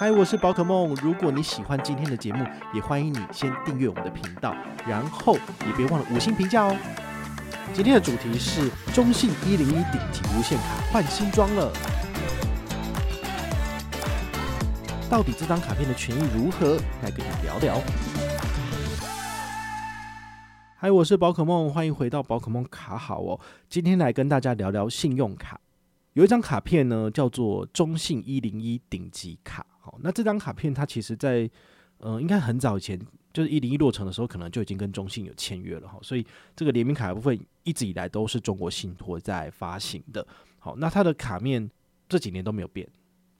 嗨，Hi，我是寶可孟。如果你喜歡今天的節目，也歡迎你先訂閱我們的頻道，然後也別忘了五星評價哦。今天的主題是中信101鼎極無限卡換新裝了，到底這張卡片的權益如何？來跟你聊聊。嗨，我是寶可孟，歡迎回到寶可孟卡好哦。今天來跟大家聊聊信用卡。有一張卡片呢，叫做中信一零一鼎極卡，好，那這張卡片它其實在，嗯、呃，應該很早以前，就是一零一落成的時候，可能就已經跟中信有簽約了，哈，所以這個聯名卡的部分一直以來都是中國信託在發行的，好，那它的卡面這幾年都沒有變，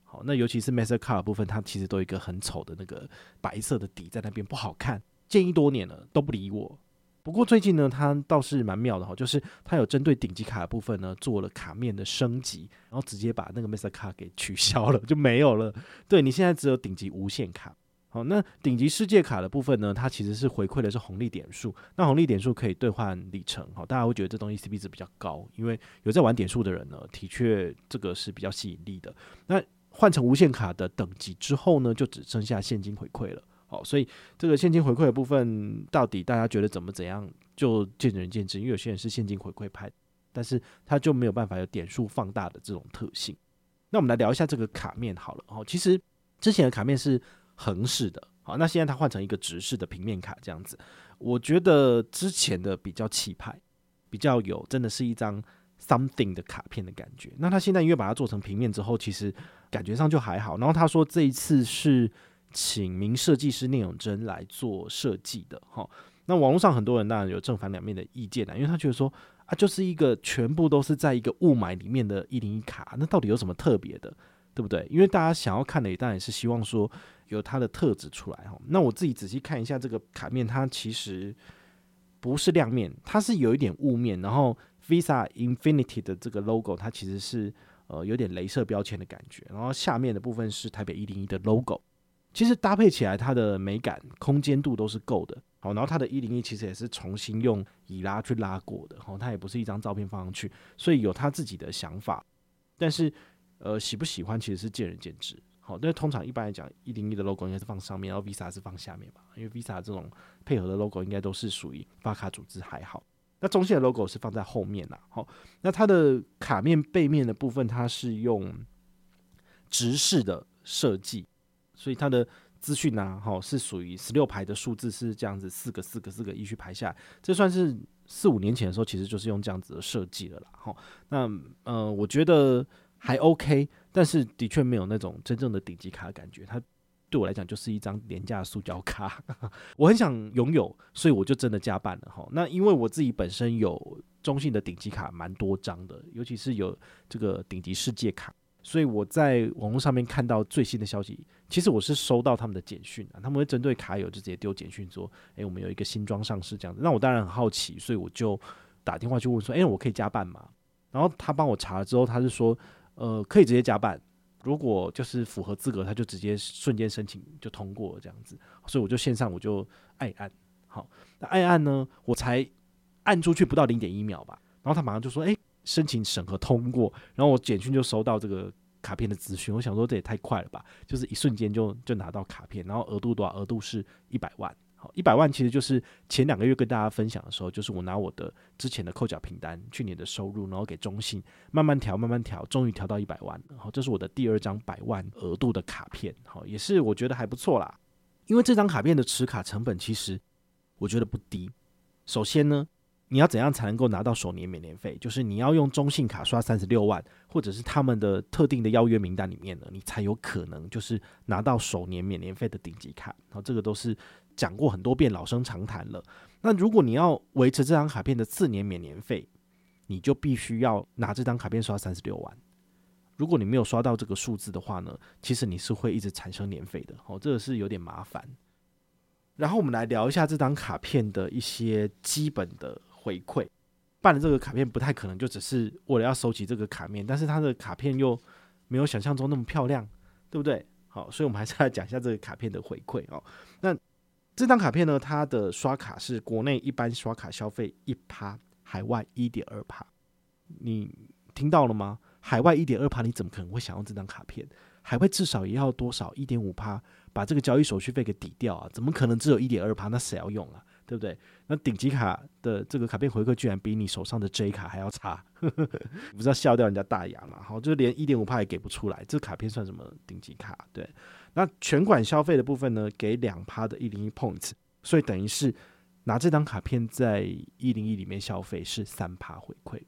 好，那尤其是 Mastercard 部分，它其實都有一個很醜的那個白色的底在那邊，不好看，建議多年了，都不理我。不過最近呢，它倒是蠻妙的哈，就是它有針對鼎極卡的部分呢，做了卡面的升級，然後直接把那個 Master 卡給取消了，就沒有了。對，你現在只有鼎極無限卡。好，那鼎極世界卡的部分呢，它其實是回饋的是紅利點數，那紅利點數可以兌換里程。好，大家會覺得這東西 CP 值比較高，因為有在玩點數的人呢，的確這個是比較吸引力的。那換成無限卡的等級之後呢，就只剩下現金回饋了。好，所以這個現金回饋的部分到底大家覺得怎麼怎樣，就見仁見智。因為有些人是現金回饋派，但是他就沒有辦法有點數放大的這種特性。那我們來聊一下這個卡面好了。哦，其實之前的卡面是橫式的，好，那現在它換成一個直式的平面卡這樣子。我覺得之前的比較氣派，比較有真的是一張 something 的卡片的感覺。那它現在因為把它做成平面之後，其實感覺上就還好。然後他說這一次是。請名設計師聶永真來做設計的哈，那網絡上很多人當然有正反兩面的意見啦，因為他覺得說啊，就是一個全部都是在一個霧霾裡面的一零一卡，那到底有什麼特別的，對不對？因為大家想要看的，也當然是希望說有它的特質出來哈。那我自己仔細看一下這個卡面，它其實不是亮面，它是有一點霧面，然後 Visa Infinity 的這個 logo 它其實是呃有點鐳射標籤的感覺，然後下面的部分是台北一零一的 logo。其實搭配起來，它的美感、空間度都是夠的。好，然後它的“一零一”其實也是重新用以拉去拉過的，好，它也不是一張照片放上去，所以有他自己的想法。但是，呃，喜不喜歡其實是見仁見智。好，但是通常一般來講，“一零一”的 logo 應該是放上面，然後 Visa 是放下面嘛？因為 Visa 這種配合的 logo 應該都是屬於發卡組織還好。那中信的 logo 是放在後面啦。好，那它的卡面背面的部分，它是用直式的設計。所以它的資訊呢，哈，是屬於十六排的數字是這樣子，四個四個四個依序排下來，這算是四五年前的時候，其實就是用這樣子的設計的啦，哈。那呃，我覺得還 OK，但是的確沒有那種真正的頂級卡的感覺，它對我來講就是一張廉價塑膠卡。我很想擁有，所以我就真的加辦了哈。那因為我自己本身有中信的頂級卡蠻多張的，尤其是有這個頂級世界卡。所以我在網絡上面看到最新的消息，其實我是收到他們的簡訊啊，他們會針對卡友就直接丟簡訊說，欸，我們有一個新裝上市這樣子，那我當然很好奇，所以我就打電話去問說，欸，我可以加辦嗎？然後他幫我查了之後，他是說，呃，可以直接加辦，如果就是符合資格，他就直接瞬間申請就通過這樣子，所以我就線上我就按按，好，那按按呢，我才按出去不到零點一秒吧，然後他馬上就說，欸。申請審核通過，然後我簡訊就收到這個卡片的資訊。我想說這也太快了吧，就是一瞬間就就拿到卡片，然後額度多少？額度是一百萬。好，一百萬其實就是前兩個月跟大家分享的時候，就是我拿我的之前的扣繳憑單，去年的收入，然後給中信慢慢調，慢慢調，終於調到一百萬。好，這是我的第二張百萬額度的卡片。好，也是我覺得還不錯啦，因為這張卡片的持卡成本其實我覺得不低。首先呢。你要怎樣才能夠拿到首年免年費？就是你要用中信卡刷三十六萬，或者是他們的特定的邀約名單裡面呢，你才有可能就是拿到首年免年費的頂級卡。然後這個都是講過很多遍老生常談了。那如果你要維持這張卡片的次年免年費，你就必須要拿這張卡片刷三十六萬。如果你沒有刷到這個數字的話呢，其實你是會一直產生年費的哦，這個是有點麻煩。然後我們來聊一下這張卡片的一些基本的。回饋，辦了這個卡片不太可能就只是為了要收集這個卡面，但是它的卡片又沒有想象中那麼漂亮，對不對？好，所以我們還是來講一下這個卡片的回饋哦。那這張卡片呢，它的刷卡是國內一般刷卡消費一趴，海外一點二趴。你聽到了嗎？海外一點二趴，你怎麼可能會想用這張卡片？海外至少也要多少？一點五趴，把這個交易手續費給抵掉啊？怎麼可能只有一點二趴？那誰要用啊？對不對？那鼎極卡的這個卡片回饋居然比你手上的 J 卡還要差， 不知道笑掉人家大牙嘛、啊？好，就連一點五趴也給不出來，這卡片算什麼鼎極卡？對，那全館消費的部分呢，給兩趴的一零一 Points，所以等於是拿這張卡片在一零一裡面消費是三趴回饋。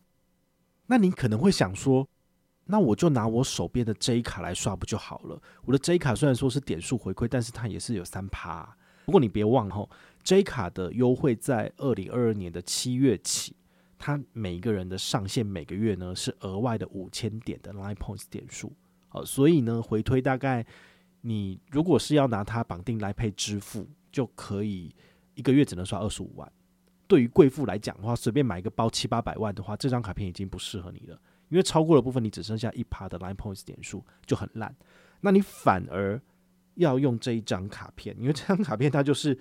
那你可能會想說，那我就拿我手邊的 J 卡來刷不就好了？我的 J 卡雖然說是點數回饋，但是它也是有三趴、啊。不過你別忘哈。J 卡的優惠在二零二二年的七月起，它每一個人的上限每個月呢是額外的五千點的 Line Points 點數，呃，所以呢回推大概你如果是要拿它綁定 Line Pay 支付，就可以一個月只能刷二十五萬。對於貴婦來講的話，隨便買一個包七八百萬的話，這張卡片已經不適合你了，因為超過的部分你只剩下一趴的 Line Points 點數就很爛。那你反而要用這一張卡片，因為這張卡片它就是。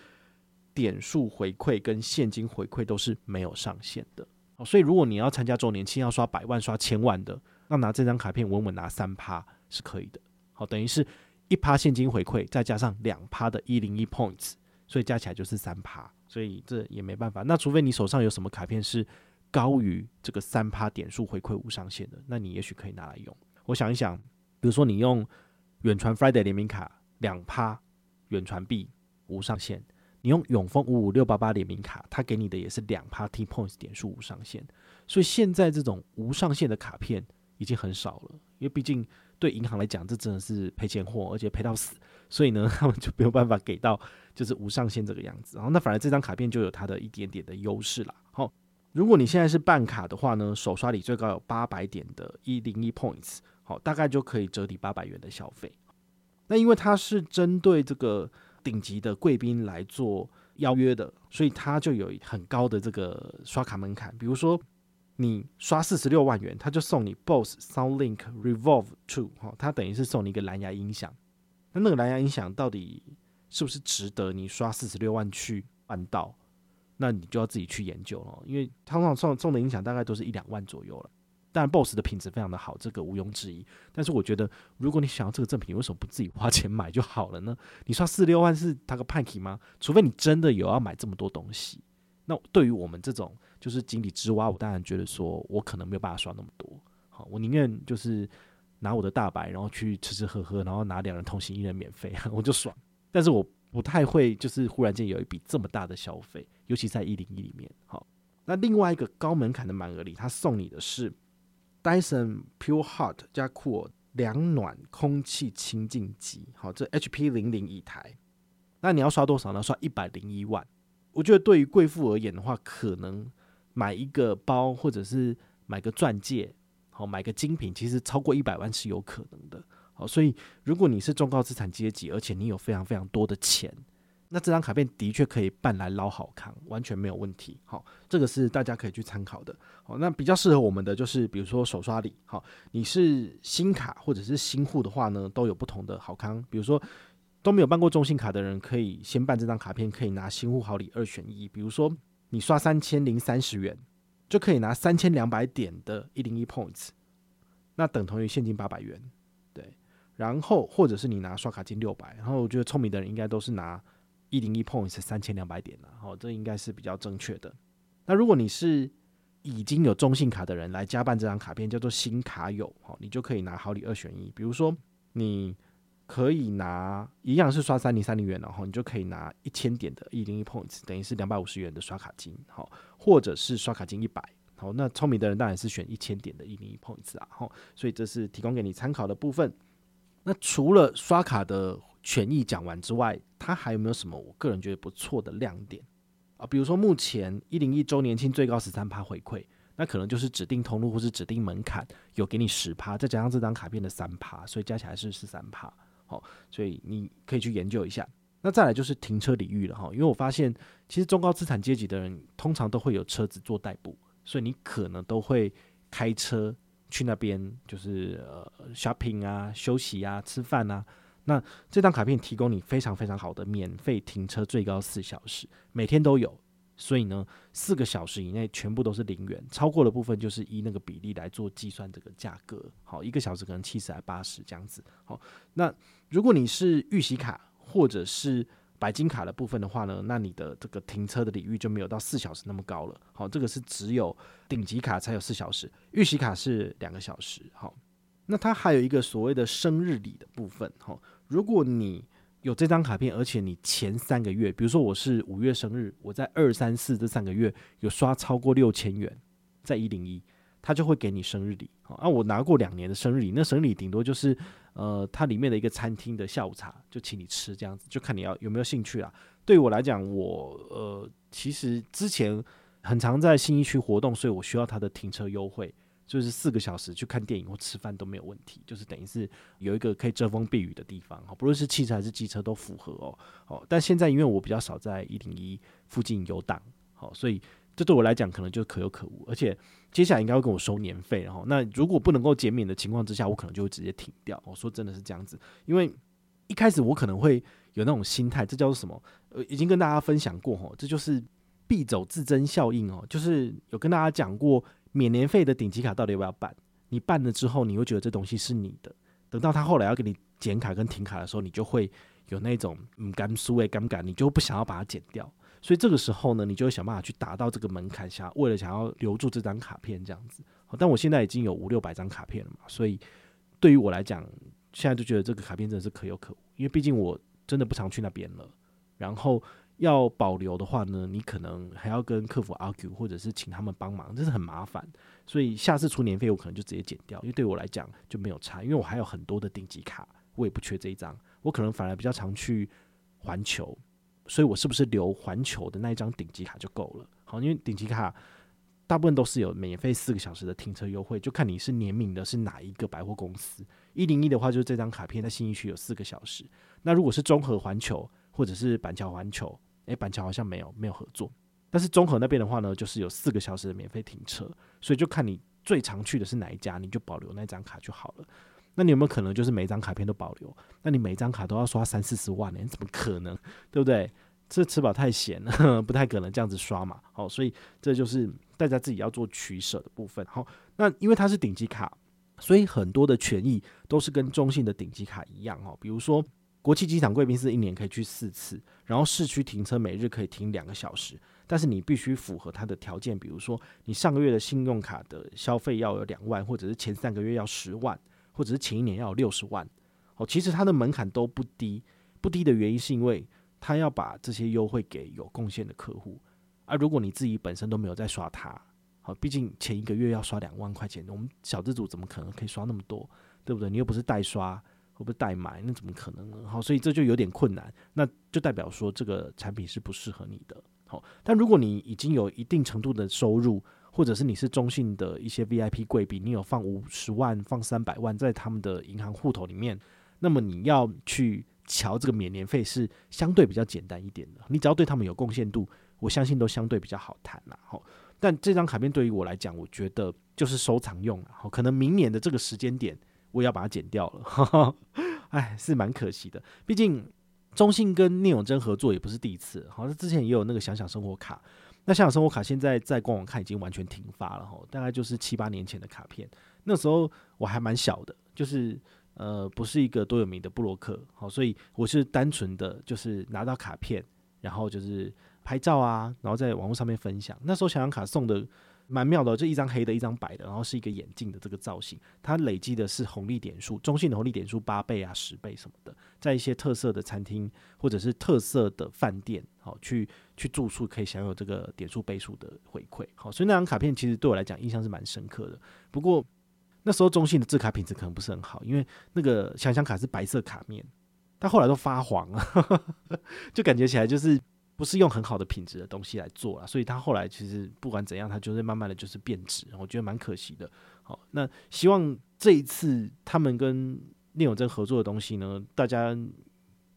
點數回饋跟現金回饋都是沒有上限的，好，所以如果你要參加周年慶，要刷百萬、刷千萬的，那拿這張卡片穩穩拿三趴是可以的好。好，等於是一趴現金回饋，再加上兩趴的一零一 points，所以加起來就是三趴。所以這也沒辦法。那除非你手上有什麼卡片是高於這個三趴點數回饋無上限的，那你也許可以拿來用。我想一想，比如說你用遠傳 Friday 聯名卡，兩趴遠傳幣無上限。你用永豐五五六八八聯名卡，他給你的也是兩趴 points 點數無上限，所以現在這種無上限的卡片已經很少了，因為畢竟對銀行來講，這真的是賠錢貨，而且賠到死，所以呢，他們就沒有辦法給到就是無上限這個樣子。然後那反而這張卡片就有它的一點點的優勢啦。好、哦，如果你現在是辦卡的話呢，首刷禮最高有八百點的一零一 points，好、哦，大概就可以折抵八百元的消費。那因為它是針對這個。頂級的貴賓來做邀約的，所以他就有很高的這個刷卡門檻。比如說，你刷四十六萬元，他就送你 Bose SoundLink Revolve Two 哈、哦，他等於是送你一個藍牙音響。那那個藍牙音響到底是不是值得你刷四十六萬去辦到？那你就要自己去研究了，因為他通常送送的音響大概都是一兩萬左右了。當然，boss 的品質非常的好，這個毋庸置疑。但是，我覺得如果你想要這個贈品，為什麼不自己花錢買就好了呢？你刷四十六萬是他個趴踢嗎？除非你真的有要買這麼多東西。那對於我們這種就是井底之蛙，我當然覺得說我可能沒有辦法刷那麼多。好，我寧願就是拿我的大白，然後去吃吃喝喝，然後拿兩人同行一人免費，我就爽。但是我不太會就是忽然間有一筆這麼大的消費，尤其在一零一裡面。好，那另外一個高門檻的滿額禮，他送你的是。Dyson Pure Hot 加 Cool 涼、喔、暖空氣清淨機，好、喔，這 H P 零零一台，那你要刷多少呢？刷一百零一萬。我覺得對於貴婦而言的話，可能買一個包或者是買個鑽戒，好、喔，買個精品，其實超過一百萬是有可能的。好、喔，所以如果你是中高資產階級，而且你有非常非常多的錢。那這張卡片的確可以辦來撈好康，完全沒有問題。好、哦，這個是大家可以去參考的。好、哦，那比較適合我們的就是，比如說首刷禮。好、哦，你是新卡或者是新戶的話呢，都有不同的好康。比如說都沒有辦過中信卡的人，可以先辦這張卡片，可以拿新戶好禮二選一。比如說你刷三千零三十元，就可以拿三千兩百點的一零一 points，那等同於現金八百元。對，然後或者是你拿刷卡金六百，然後我覺得聰明的人應該都是拿。一零一 points 三千兩百點的，好，這應該是比較正確的。那如果你是已經有中信卡的人，來加辦這張卡片，叫做新卡友，好，你就可以拿好禮二選一。比如說，你可以拿一樣是刷三零三零元，啊，然後你就可以拿一千點的一零一 points，等於是兩百五十元的刷卡金，好，或者是刷卡金一百。好，那聰明的人當然是選一千點的一零一 points 啊，好，所以這是提供給你參考的部分。那除了刷卡的。權益講完之外，它還有沒有什麼我個人覺得不錯的亮點啊？比如說目前一零一周年慶最高十三趴回饋，那可能就是指定通路或是指定門檻有給你十趴，再加上這張卡片的三趴，所以加起來是十三趴。好、哦，所以你可以去研究一下。那再來就是停車禮遇了哈，因為我發現其實中高資產階級的人通常都會有車子做代步，所以你可能都會開車去那邊，就是呃 shopping 啊、休息啊、吃飯啊。那這張卡片提供你非常非常好的免費停車，最高四小時，每天都有。所以呢，四個小時以內全部都是零元，超過的部分就是依那個比例來做計算這個價格。好，一個小時可能七十來八十這樣子。好，那如果你是玉璽卡或者是白金卡的部分的話呢，那你的這個停車的禮遇就沒有到四小時那麼高了。好，這個是只有鼎極卡才有四小時，玉璽卡是兩個小時。好，那它還有一個所謂的生日禮的部分。好。如果你有這張卡片，而且你前三個月，比如說我是五月生日，我在二三四這三個月有刷超過六千元，在一零一，他就會給你生日禮。那、啊、我拿過兩年的生日禮，那生日禮頂多就是呃，它裡面的一個餐廳的下午茶，就請你吃這樣子，就看你要有沒有興趣啦、啊。對我來講，我呃其實之前很常在信義區活動，所以我需要它的停車優惠。就是四個小時去看電影或吃飯，都沒有問題，就是等於是有一個可以遮風避雨的地方，不論是汽車還是機車都符合哦、喔、好，但現在因為我比較少在一零一附近遊蕩，好、喔，所以這對我來講可能就可有可無。而且接下來應該會跟我收年費，喔，然後那如果不能夠減免的情況之下，我可能就會直接停掉。哦、喔，說真的是這樣子，因為一開始我可能會有那種心態，這叫做什麼？呃，已經跟大家分享過哦、喔，這就是敝帚自珍效應哦、喔，就是有跟大家講過。免年費的頂級卡到底要不要辦？你辦了之後，你會覺得這東西是你的。等到他後來要給你剪卡跟停卡的時候，你就會有那種嗯，甘蘇哎，不敢，你就不想要把它剪掉。所以這個時候呢，你就會想辦法去達到這個門檻下，為了想要留住這張卡片這樣子好。但我現在已經有五六百張卡片了嘛，所以對於我來講，現在就覺得這個卡片真的是可有可無，因為畢竟我真的不常去那邊了。然後。要保留的話呢，你可能還要跟客服 argue，或者是請他們幫忙，這是很麻煩。所以下次出年費，我可能就直接剪掉，因為對我來講就沒有差，因為我還有很多的頂級卡，我也不缺這一張。我可能反而比較常去環球，所以我是不是留環球的那一張頂級卡就夠了？好，因為頂級卡大部分都是有免費四個小時的停車優惠，就看你是聯名的是哪一個百貨公司。一零一的話，就是這張卡片在信義區有四個小時。那如果是中和環球或者是板橋環球，誒、欸，板橋好像沒有沒有合作，但是中和那邊的話呢，就是有四個小時的免費停車，所以就看你最常去的是哪一家，你就保留那張卡就好了。那你有沒有可能就是每張卡片都保留？那你每張卡都要刷三四十萬，你怎麼可能？對不對？這吃飽太閒了，不太可能這樣子刷嘛。好、哦，所以這就是大家自己要做取捨的部分。好、哦，那因為它是鼎極卡，所以很多的權益都是跟中信的鼎極卡一樣哦，比如說。國際機場貴賓室一年可以去四次，然後市區停車每日可以停兩個小時，但是你必須符合他的條件，比如說你上個月的信用卡的消費要有兩萬，或者是前三個月要十萬，或者是前一年要有六十萬。哦，其實它的門檻都不低，不低的原因是因為他要把這些優惠給有貢獻的客戶。而如果你自己本身都沒有在刷它，好，畢竟前一個月要刷兩萬塊錢，我們小資族怎麼可能可以刷那麼多，對不對？你又不是代刷。不代買，那怎麼可能呢？好，所以這就有點困難。那就代表說，這個產品是不適合你的。好，但如果你已經有一定程度的收入，或者是你是中信的一些 VIP 貴賓，你有放五十萬、放三百萬在他們的銀行戶頭裡面，那麼你要去瞧這個免年費是相對比較簡單一點的。你只要對他們有貢獻度，我相信都相對比較好談啦。好，但這張卡片對於我來講，我覺得就是收藏用。好，可能明年的這個時間點。我也要把它剪掉了，哎，是蠻可惜的。畢竟中信跟聶永真合作也不是第一次，好像之前也有那個想想生活卡。那想想生活卡現在在官網看已經完全停發了，大概就是七八年前的卡片。那時候我還蠻小的，就是呃，不是一個多有名的部落客，所以我是單純的就是拿到卡片，然後就是拍照啊，然後在網絡上面分享。那時候想想卡送的。蠻妙的，就一張黑的，一張白的，然後是一個眼鏡的這個造型。它累積的是紅利點數，中信的紅利點數八倍啊、十倍什麼的，在一些特色的餐廳或者是特色的飯店，好去去住宿可以享有這個點數倍數的回饋。好，所以那張卡片其實對我來講印象是蠻深刻的。不過那時候中信的製卡品質可能不是很好，因為那個想像卡是白色卡面，它後來都發黃了， 就感覺起來就是。不是用很好的品質的東西來做了，啊，所以他後來其實不管怎樣，他就是慢慢的就是變質，我覺得蠻可惜的。好，那希望這一次他們跟聶永真合作的東西呢，大家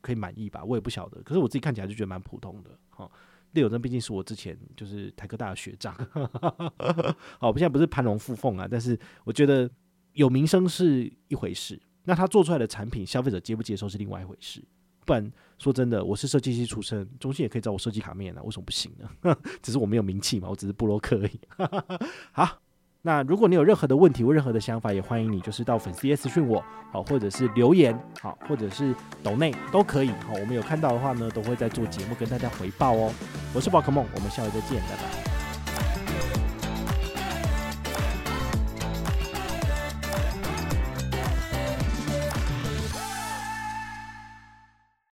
可以滿意吧？我也不曉得，可是我自己看起來就覺得蠻普通的。好，聶永真畢竟是我之前就是台科大的學長， 好，我現在不是攀龍附鳳啊，但是我覺得有名聲是一回事，那他做出來的產品，消費者接不接受是另外一回事。不然，說真的，我是設計師出身，中信也可以找我設計卡面啊。為什麼不行呢？ 只是我沒有名氣嘛，我只是部落客而已。 好，那如果你有任何的問題或任何的想法，也歡迎你就是到粉絲私訊我，好，或者是留言，好，或者是抖內都可以。好，我們有看到的話呢，都會在做節目跟大家回報哦。我是寶可孟，我們下回再見，拜拜。